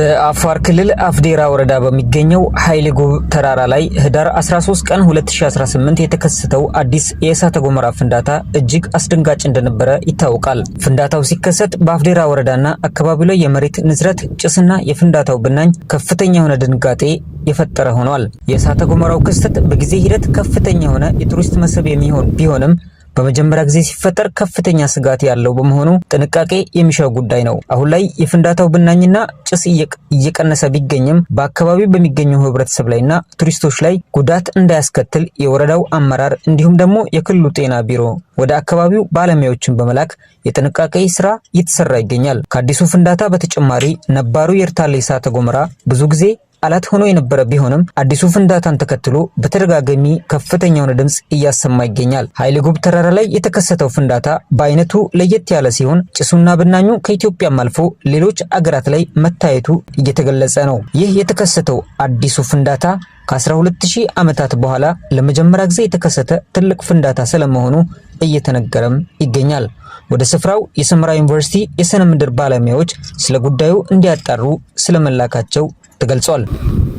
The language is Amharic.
በአፋር ክልል አፍዴራ ወረዳ በሚገኘው ኃይሌ ጉብ ተራራ ላይ ህዳር 13 ቀን 2018 የተከሰተው አዲስ የእሳተ ገሞራ ፍንዳታ እጅግ አስደንጋጭ እንደነበረ ይታወቃል። ፍንዳታው ሲከሰት በአፍዴራ ወረዳና አካባቢው ላይ የመሬት ንዝረት፣ ጭስና የፍንዳታው ብናኝ ከፍተኛ የሆነ ድንጋጤ የፈጠረ ሆኗል። የእሳተ ገሞራው ክስተት በጊዜ ሂደት ከፍተኛ የሆነ የቱሪስት መስህብ የሚሆን ቢሆንም በመጀመሪያ ጊዜ ሲፈጠር ከፍተኛ ስጋት ያለው በመሆኑ ጥንቃቄ የሚሻው ጉዳይ ነው። አሁን ላይ የፍንዳታው ብናኝና ጭስ እየቀነሰ ቢገኝም በአካባቢው በሚገኙ ህብረተሰብ ላይና ቱሪስቶች ላይ ጉዳት እንዳያስከትል የወረዳው አመራር እንዲሁም ደግሞ የክልሉ ጤና ቢሮ ወደ አካባቢው ባለሙያዎችን በመላክ የጥንቃቄ ስራ እየተሰራ ይገኛል። ከአዲሱ ፍንዳታ በተጨማሪ ነባሩ የኤርታሌ እሳተ ገሞራ ብዙ ጊዜ አላት ሆኖ የነበረ ቢሆንም አዲሱ ፍንዳታን ተከትሎ በተደጋጋሚ ከፍተኛውን ድምፅ እያሰማ ይገኛል። ኃይሌ ጉብ ተራራ ላይ የተከሰተው ፍንዳታ በአይነቱ ለየት ያለ ሲሆን ጭሱና ብናኙ ከኢትዮጵያም አልፎ ሌሎች አገራት ላይ መታየቱ እየተገለጸ ነው። ይህ የተከሰተው አዲሱ ፍንዳታ ከ12000 ዓመታት በኋላ ለመጀመሪያ ጊዜ የተከሰተ ትልቅ ፍንዳታ ስለመሆኑ እየተነገረም ይገኛል። ወደ ስፍራው የሰመራ ዩኒቨርሲቲ የስነ ምድር ባለሙያዎች ስለ ጉዳዩ እንዲያጣሩ ስለመላካቸው Tegal Sol.